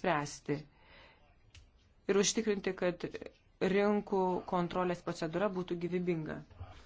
spręsti ir užtikrinti, kad rinkų kontrolės procedūra būtų gyvybinga.